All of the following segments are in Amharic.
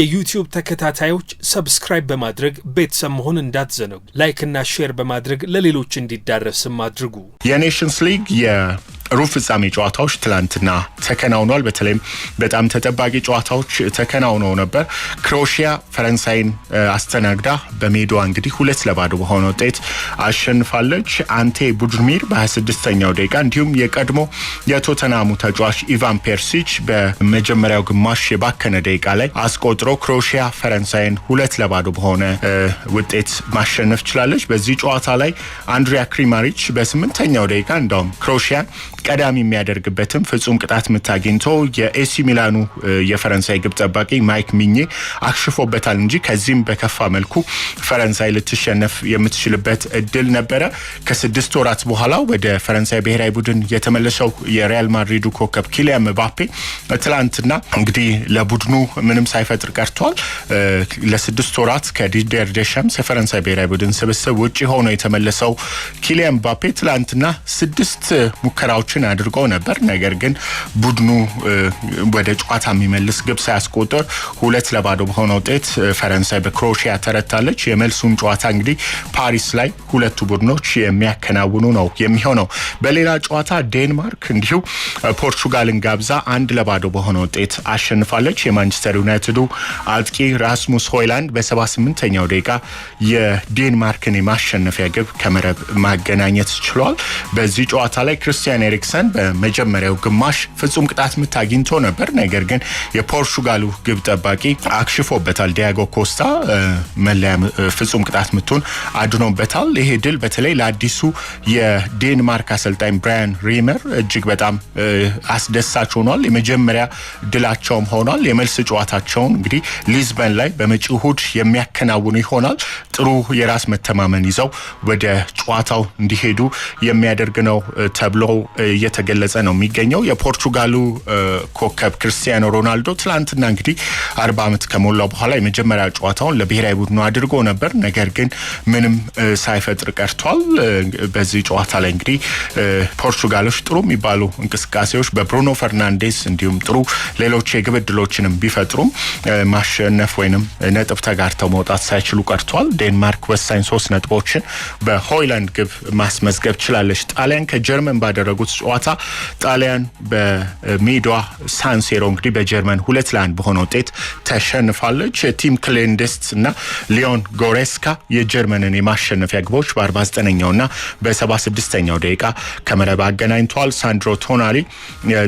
የዩቲዩብ ተከታታዮች ሰብስክራይብ በማድረግ ቤተሰብ መሆን እንዳትዘነጉ። ላይክና ሼር በማድረግ ለሌሎች እንዲዳረስም አድርጉ። የኔሽንስ ሊግ ሩብ ፍጻሜ ጨዋታዎች ትላንትና ተከናውኗል። በተለይም በጣም ተጠባቂ ጨዋታዎች ተከናውነው ነበር። ክሮኤሽያ ፈረንሳይን አስተናግዳ በሜዳዋ እንግዲህ ሁለት ለባዶ በሆነ ውጤት አሸንፋለች። አንቴ ቡድሚር በ26ኛው ደቂቃ እንዲሁም የቀድሞ የቶተናሙ ተጫዋች ኢቫን ፔርሲች በመጀመሪያው ግማሽ የባከነ ደቂቃ ላይ አስቆጥሮ ክሮኤሽያ ፈረንሳይን ሁለት ለባዶ በሆነ ውጤት ማሸነፍ ችላለች። በዚህ ጨዋታ ላይ አንድሪያ ክሪማሪች በስምንተኛው ደቂቃ እንዳውም ክሮኤሽያን ቀዳሚ የሚያደርግበትም ፍጹም ቅጣት ምት አግኝቶ የኤሲ ሚላኑ የፈረንሳይ ግብ ጠባቂ ማይክ ሚኜ አክሽፎበታል እንጂ ከዚህም በከፋ መልኩ ፈረንሳይ ልትሸነፍ የምትችልበት እድል ነበረ። ከስድስት ወራት በኋላ ወደ ፈረንሳይ ብሔራዊ ቡድን የተመለሰው የሪያል ማድሪዱ ኮከብ ኪሊያን ምባፔ ትላንትና እንግዲህ ለቡድኑ ምንም ሳይፈጥር ቀርቷል። ለስድስት ወራት ከዲደር ደሻምስ የፈረንሳይ ብሔራዊ ቡድን ስብስብ ውጭ ሆኖ የተመለሰው ኪሊያን ምባፔ ትላንትና ስድስት ሙከራዎች ጨዋታዎችን አድርጎ ነበር። ነገር ግን ቡድኑ ወደ ጨዋታ የሚመልስ ግብ ሳያስቆጥር ሁለት ለባዶ በሆነ ውጤት ፈረንሳይ በክሮኤሽያ ተረታለች። የመልሱን ጨዋታ እንግዲህ ፓሪስ ላይ ሁለቱ ቡድኖች የሚያከናውኑ ነው የሚሆነው። በሌላ ጨዋታ ዴንማርክ እንዲሁ ፖርቹጋልን ጋብዛ አንድ ለባዶ በሆነ ውጤት አሸንፋለች። የማንቸስተር ዩናይትዱ አጥቂ ራስሙስ ሆይላንድ በ78ኛው ደቂቃ የዴንማርክን የማሸነፊያ ግብ ከመረብ ማገናኘት ችሏል። በዚህ ጨዋታ ላይ ክርስቲያን ኤሪክ ኤሪክሰን በመጀመሪያው ግማሽ ፍጹም ቅጣት ምት አግኝቶ ነበር። ነገር ግን የፖርቹጋሉ ግብ ጠባቂ አክሽፎበታል። ዲያጎ ኮስታ መለያ ፍጹም ቅጣት ምቱን አድኖበታል። ይሄ ድል በተለይ ለአዲሱ የዴንማርክ አሰልጣኝ ብራያን ሪመር እጅግ በጣም አስደሳች ሆኗል። የመጀመሪያ ድላቸውም ሆኗል። የመልስ ጨዋታቸውን እንግዲህ ሊዝበን ላይ በመጪው እሁድ የሚያከናውኑ ይሆናል። ጥሩ የራስ መተማመን ይዘው ወደ ጨዋታው እንዲሄዱ የሚያደርግ ነው ተብሎ እየተገለጸ ነው የሚገኘው። የፖርቹጋሉ ኮከብ ክርስቲያኖ ሮናልዶ ትላንትና እንግዲህ አርባ ዓመት ከሞላው በኋላ የመጀመሪያ ጨዋታውን ለብሔራዊ ቡድኑ አድርጎ ነበር። ነገር ግን ምንም ሳይፈጥር ቀርቷል። በዚህ ጨዋታ ላይ እንግዲህ ፖርቹጋሎች ጥሩ የሚባሉ እንቅስቃሴዎች በብሩኖ ፈርናንዴስ እንዲሁም ጥሩ ሌሎች የግብ ዕድሎችንም ቢፈጥሩም ማሸነፍ ወይንም ነጥብ ተጋርተው መውጣት ሳይችሉ ቀርቷል። ዴንማርክ ወሳኝ ሶስት ነጥቦችን በሆይላንድ ግብ ማስመዝገብ ችላለች። ጣሊያን ከጀርመን ባደረጉት ጨዋታ ጣሊያን በሜዷ ሳንሴሮ እንግዲህ በጀርመን ሁለት ለአንድ በሆነ ውጤት ተሸንፋለች። ቲም ክሌንደስት እና ሊዮን ጎሬስካ የጀርመንን የማሸነፊያ ግቦች በ 49 ና በ76ኛው ደቂቃ ከመረብ አገናኝተዋል። ሳንድሮ ቶናሊ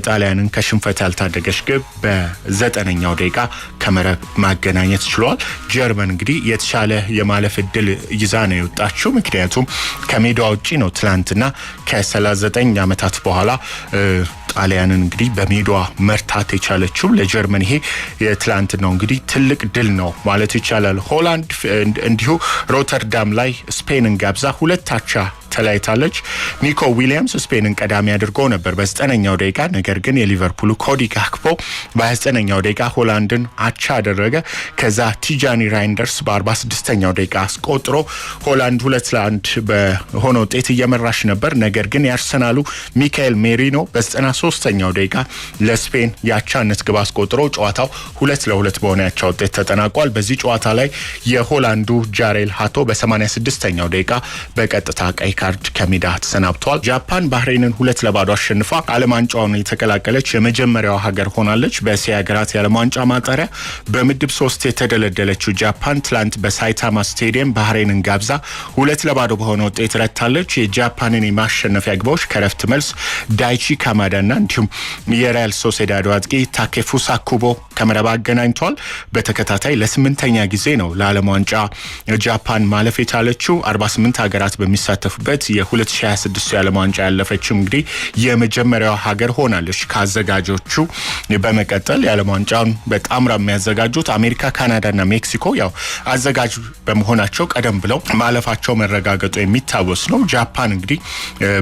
ጣሊያንን ከሽንፈት ያልታደገች ግብ በዘጠነኛው ደቂቃ ከመረብ ማገናኘት ችሏል። ጀርመን እንግዲህ የተሻለ የማለፍ እድል ይዛ ነው የወጣችው። ምክንያቱም ከሜዳ ውጪ ነው ትላንትና ከ39 ዓመታት ዓመት በኋላ ጣሊያንን እንግዲህ በሜዷ መርታት የቻለችው ለጀርመን ይሄ ነው እንግዲህ ትልቅ ድል ነው ማለት ይቻላል። ሆላንድ እንዲሁ ሮተርዳም ላይ ስፔንን ጋብዛ ሁለት አቻ ተለያይታለች። ኒኮ ዊሊያምስ ስፔንን ቀዳሚ አድርጎ ነበር በዘጠነኛው ደቂቃ። ነገር ግን የሊቨርፑሉ ኮዲ ጋክፖ በ29ኛው ደቂቃ ሆላንድን አቻ አደረገ። ከዛ ቲጃኒ ራይንደርስ በ46ኛው ደቂቃ አስቆጥሮ ሆላንድ ሁለት ለአንድ በሆነ ውጤት እየመራች ነበር። ነገር ግን የአርሰናሉ ሚካኤል ሜሪኖ በ93ኛው ደቂቃ ለስፔን የአቻነት ግብ አስቆጥሮ ጨዋታው ሁለት ለሁለት በሆነ ያቻ ውጤት ተጠናቋል። በዚህ ጨዋታ ላይ የሆላንዱ ጃሬል ሃቶ በ86ኛው ደቂቃ በቀጥታ ቀይ ካርድ ከሜዳ ተሰናብቷል። ጃፓን ባህሬንን ሁለት ለባዶ አሸንፋ ዓለም ዋንጫውን የተቀላቀለች የመጀመሪያው ሀገር ሆናለች። በእስያ ሀገራት የዓለም ዋንጫ ማጣሪያ በምድብ ሶስት የተደለደለችው ጃፓን ትላንት በሳይታማ ስቴዲየም ባህሬንን ጋብዛ ሁለት ለባዶ በሆነ ውጤት ረታለች። የጃፓንን የማሸነፊያ ግባዎች ከረፍት መልስ ዳይቺ ካማዳና እንዲሁም የሪያል ሶሴዳዶ አጥቂ ታኬፉሳ ኩቦ ከመረብ አገናኝቷል። በተከታታይ ለስምንተኛ ጊዜ ነው ለዓለም ዋንጫ ጃፓን ማለፍ የቻለችው። 48 ሀገራት በሚሳተፉበት የ2026 የዓለም ዋንጫ ያለፈችው እንግዲህ የመጀመሪያው ሀገር ሆናለች። ከአዘጋጆቹ በመቀጠል የዓለም ዋንጫውን በጣምራ የሚያዘጋጁት አሜሪካ፣ ካናዳና ሜክሲኮ ያው አዘጋጅ በመሆናቸው ቀደም ብለው ማለፋቸው መረጋገጡ የሚታወስ ነው። ጃፓን እንግዲህ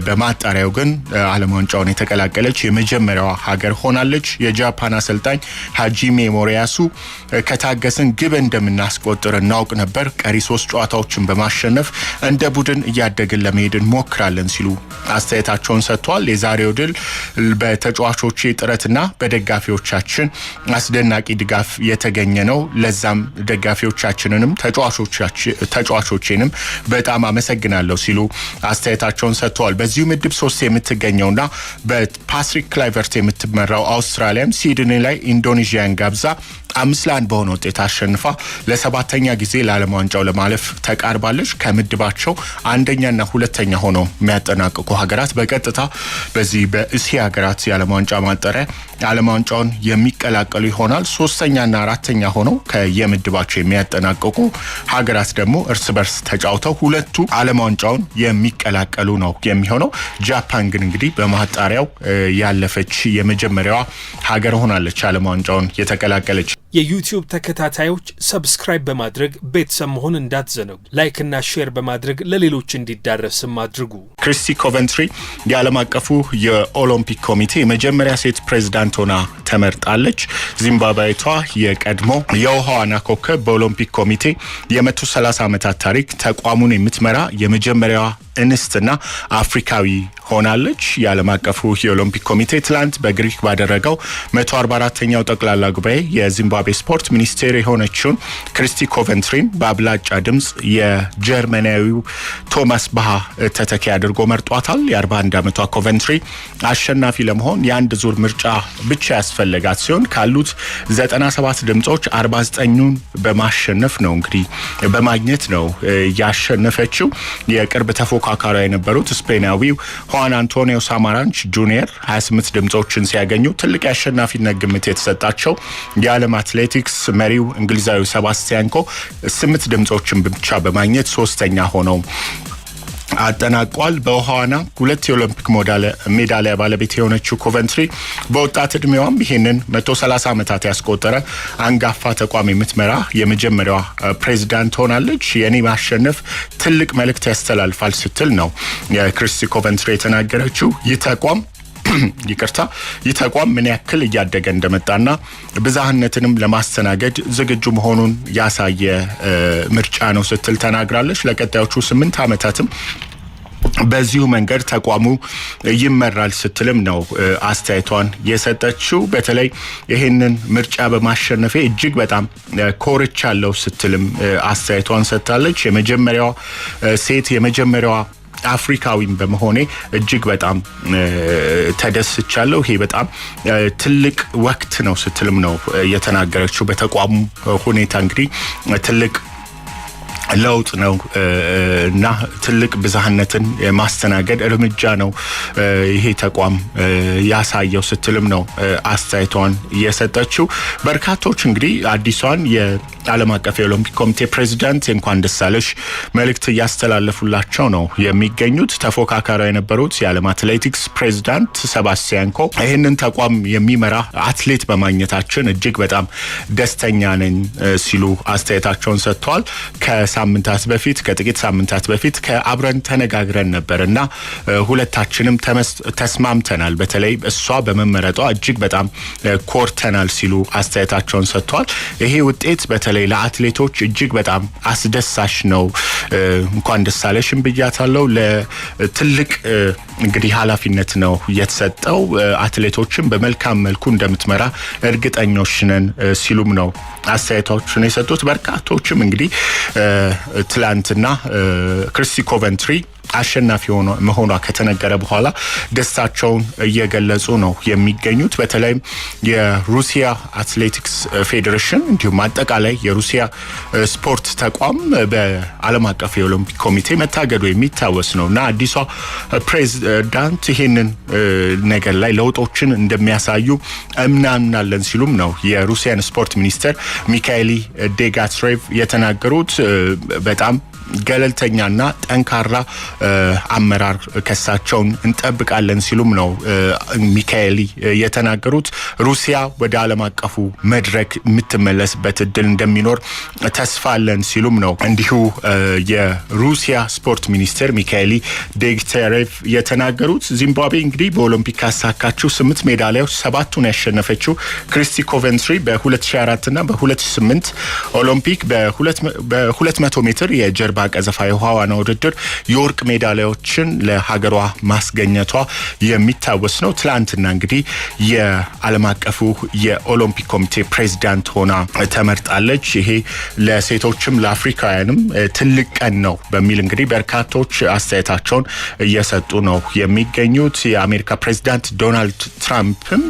በማጣሪያው ግን ዓለም ዋንጫውን የተቀላቀለች የመጀመሪያዋ ሀገር ሆናለች። የጃፓን አሰልጣኝ ሀጂ ጂሜ ሞሪያሱ ከታገስን ግብ እንደምናስቆጥር እናውቅ ነበር። ቀሪ ሶስት ጨዋታዎችን በማሸነፍ እንደ ቡድን እያደግን ለመሄድ እንሞክራለን ሲሉ አስተያየታቸውን ሰጥቷል። የዛሬው ድል በተጫዋቾች ጥረትና በደጋፊዎቻችን አስደናቂ ድጋፍ የተገኘ ነው። ለዛም ደጋፊዎቻችንንም ተጫዋቾቼንም በጣም አመሰግናለሁ ሲሉ አስተያየታቸውን ሰጥተዋል። በዚሁ ምድብ ሶስት የምትገኘውና በፓትሪክ ክላይቨርት የምትመራው አውስትራሊያም ሲድኒ ላይ ኢንዶኔዥያን ጀርመንን ጋብዛ አምስት ለአንድ በሆነ ውጤት አሸንፋ ለሰባተኛ ጊዜ ለዓለም ዋንጫው ለማለፍ ተቃርባለች። ከምድባቸው አንደኛና ሁለተኛ ሆኖ የሚያጠናቅቁ ሀገራት በቀጥታ በዚህ በእስያ ሀገራት የዓለም ዋንጫ ማጣሪያ ዓለም ዋንጫውን የሚቀላቀሉ ይሆናል። ሶስተኛና አራተኛ ሆነው ከየምድባቸው የሚያጠናቅቁ ሀገራት ደግሞ እርስ በርስ ተጫውተው ሁለቱ ዓለም ዋንጫውን የሚቀላቀሉ ነው የሚሆነው። ጃፓን ግን እንግዲህ በማጣሪያው ያለፈች የመጀመሪያዋ ሀገር ሆናለች ዓለም ዋንጫውን የተቀላቀለች። የዩቲዩብ ተከታታዮች ሰብስክራይብ በማድረግ ቤተሰብ መሆን እንዳትዘነጉ። ላይክና ሼር በማድረግ ለሌሎች እንዲዳረስም አድርጉ። ክሪስቲ ኮቨንትሪ የዓለም አቀፉ የኦሎምፒክ ኮሚቴ የመጀመሪያ ሴት ፕሬዝዳንት ሆና ተመርጣለች። ዚምባብዌቷ የቀድሞ የውሃ ዋና ኮከብ በኦሎምፒክ ኮሚቴ የ130 ዓመታት ታሪክ ተቋሙን የምትመራ የመጀመሪያዋ እንስትና አፍሪካዊ ሆናለች። የዓለም አቀፉ የኦሎምፒክ ኮሚቴ ትላንት በግሪክ ባደረገው 144ኛው ጠቅላላ ጉባኤ የዚምባብዌ ስፖርት ሚኒስቴር የሆነችውን ክሪስቲ ኮቨንትሪን በአብላጫ ድምፅ የጀርመናዊው ቶማስ ባሃ ተተኪ አድርጎ አድርጎ መርጧታል። የ41 ዓመቷ ኮቨንትሪ አሸናፊ ለመሆን የአንድ ዙር ምርጫ ብቻ ያስፈለጋት ሲሆን ካሉት 97 ድምጾች 49ኙን በማሸነፍ ነው እንግዲህ በማግኘት ነው ያሸነፈችው። የቅርብ ተፎካካሪ የነበሩት ስፔናዊው ሁዋን አንቶኒዮ ሳማራንች ጁኒየር 28 ድምጾችን ሲያገኙ ትልቅ የአሸናፊነት ግምት የተሰጣቸው የዓለም አትሌቲክስ መሪው እንግሊዛዊ ሰባስቲያን ኮ ስምንት ድምጾችን ብቻ በማግኘት ሶስተኛ ሆነው አጠናቋል። በውሃ ሁለት የኦሎምፒክ ሜዳሊያ ባለቤት የሆነችው ኮቨንትሪ በወጣት እድሜዋም ይህንን 130 ዓመታት ያስቆጠረ አንጋፋ ተቋም የምትመራ የመጀመሪያዋ ፕሬዚዳንት ትሆናለች። የኔ ማሸነፍ ትልቅ መልእክት ያስተላልፋል ስትል ነው የክሪስቲ ኮቨንትሪ የተናገረችው። ይህ ተቋም ይቅርታ ይህ ተቋም ምን ያክል እያደገ እንደመጣና ብዛህነትንም ለማስተናገድ ዝግጁ መሆኑን ያሳየ ምርጫ ነው ስትል ተናግራለች። ለቀጣዮቹ ስምንት ዓመታትም በዚሁ መንገድ ተቋሙ ይመራል ስትልም ነው አስተያየቷን የሰጠችው። በተለይ ይህንን ምርጫ በማሸነፌ እጅግ በጣም ኮርቻለሁ ስትልም አስተያየቷን ሰጥታለች። የመጀመሪያዋ ሴት የመጀመሪያዋ አፍሪካዊም በመሆኔ እጅግ በጣም ተደስቻለሁ። ይሄ በጣም ትልቅ ወቅት ነው ስትልም ነው የተናገረችው። በተቋሙ ሁኔታ እንግዲህ ትልቅ ለውጥ ነው እና ትልቅ ብዝሃነትን የማስተናገድ እርምጃ ነው ይሄ ተቋም ያሳየው ስትልም ነው አስተያየቷን እየሰጠችው። በርካቶች እንግዲህ አዲሷን የዓለም አቀፍ የኦሎምፒክ ኮሚቴ ፕሬዚዳንት እንኳን ደሳለሽ መልእክት እያስተላለፉላቸው ነው የሚገኙት። ተፎካካሪ የነበሩት የዓለም አትሌቲክስ ፕሬዚዳንት ሰባስቲያንኮ ይህንን ተቋም የሚመራ አትሌት በማግኘታችን እጅግ በጣም ደስተኛ ነኝ ሲሉ አስተያየታቸውን ሰጥተዋል። ሳምንታት በፊት ከጥቂት ሳምንታት በፊት ከአብረን ተነጋግረን ነበር እና ሁለታችንም ተስማምተናል። በተለይ እሷ በመመረጧ እጅግ በጣም ኮርተናል ሲሉ አስተያየታቸውን ሰጥቷል። ይሄ ውጤት በተለይ ለአትሌቶች እጅግ በጣም አስደሳች ነው። እንኳን ደስ አለሽም ብያታለሁ። ለትልቅ እንግዲህ ኃላፊነት ነው የተሰጠው። አትሌቶችን በመልካም መልኩ እንደምትመራ እርግጠኞች ነን ሲሉም ነው አስተያየታዎችን የሰጡት። በርካቶችም እንግዲህ ትላንትና ክሪስቲ ኮቨንትሪ አሸናፊ መሆኗ ከተነገረ በኋላ ደስታቸውን እየገለጹ ነው የሚገኙት። በተለይም የሩሲያ አትሌቲክስ ፌዴሬሽን እንዲሁም አጠቃላይ የሩሲያ ስፖርት ተቋም በዓለም አቀፍ የኦሎምፒክ ኮሚቴ መታገዱ የሚታወስ ነው እና አዲሷ ፕሬዚዳንት ይህንን ነገር ላይ ለውጦችን እንደሚያሳዩ እምናምናለን ሲሉም ነው የሩሲያን ስፖርት ሚኒስትር ሚካኤሊ ዴጋትሬቭ የተናገሩት በጣም ገለልተኛና ጠንካራ አመራር ከሳቸውን እንጠብቃለን ሲሉም ነው ሚካኤሊ የተናገሩት። ሩሲያ ወደ ዓለም አቀፉ መድረክ የምትመለስበት እድል እንደሚኖር ተስፋ አለን ሲሉም ነው እንዲሁ የሩሲያ ስፖርት ሚኒስትር ሚካኤሊ ዴግቴሬቭ የተናገሩት። ዚምባብዌ እንግዲህ በኦሎምፒክ ካሳካችው ስምንት ሜዳሊያዎች ሰባቱን ያሸነፈችው ክሪስቲ ኮቨንትሪ በ2004 እና በ2008 ኦሎምፒክ በ200 ሜትር የጀርባ ቀዘፋ የውሃ ዋና ውድድር የወርቅ ሜዳሊያዎችን ለሀገሯ ማስገኘቷ የሚታወስ ነው። ትላንትና እንግዲህ የዓለም አቀፉ የኦሎምፒክ ኮሚቴ ፕሬዚዳንት ሆና ተመርጣለች። ይሄ ለሴቶችም ለአፍሪካውያንም ትልቅ ቀን ነው በሚል እንግዲህ በርካቶች አስተያየታቸውን እየሰጡ ነው የሚገኙት። የአሜሪካ ፕሬዚዳንት ዶናልድ ትራምፕም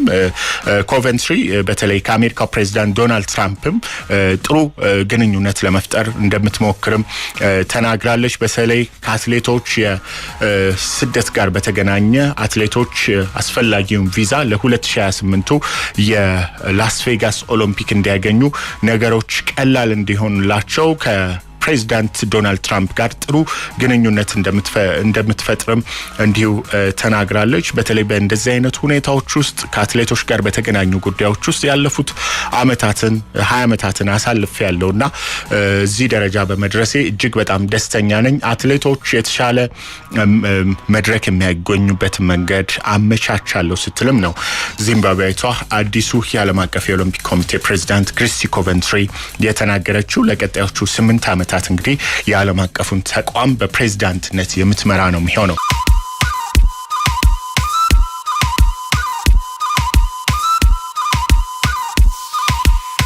ኮቨንትሪ በተለይ ከአሜሪካ ፕሬዚዳንት ዶናልድ ትራምፕም ጥሩ ግንኙነት ለመፍጠር እንደምትሞክርም ተናግራለች። በተለይ ከአትሌቶች የስደት ጋር በተገናኘ አትሌቶች አስፈላጊውን ቪዛ ለ2028ቱ የላስ ቬጋስ ኦሎምፒክ እንዲያገኙ ነገሮች ቀላል እንዲሆኑላቸው ከ ከፕሬዚዳንት ዶናልድ ትራምፕ ጋር ጥሩ ግንኙነት እንደምትፈጥርም እንዲሁ ተናግራለች። በተለይ በእንደዚህ አይነት ሁኔታዎች ውስጥ ከአትሌቶች ጋር በተገናኙ ጉዳዮች ውስጥ ያለፉት አመታትን ሀያ አመታትን አሳልፍ ያለው እና እዚህ ደረጃ በመድረሴ እጅግ በጣም ደስተኛ ነኝ። አትሌቶች የተሻለ መድረክ የሚያገኙበት መንገድ አመቻቻለሁ ስትልም ነው ዚምባብዌቷ አዲሱ የዓለም አቀፍ የኦሎምፒክ ኮሚቴ ፕሬዚዳንት ክሪስቲ ኮቨንትሪ የተናገረችው። ለቀጣዮቹ ስምንት ዓመታት በመተካት እንግዲህ የዓለም አቀፉን ተቋም በፕሬዚዳንትነት የምትመራ ነው የሚሆነው።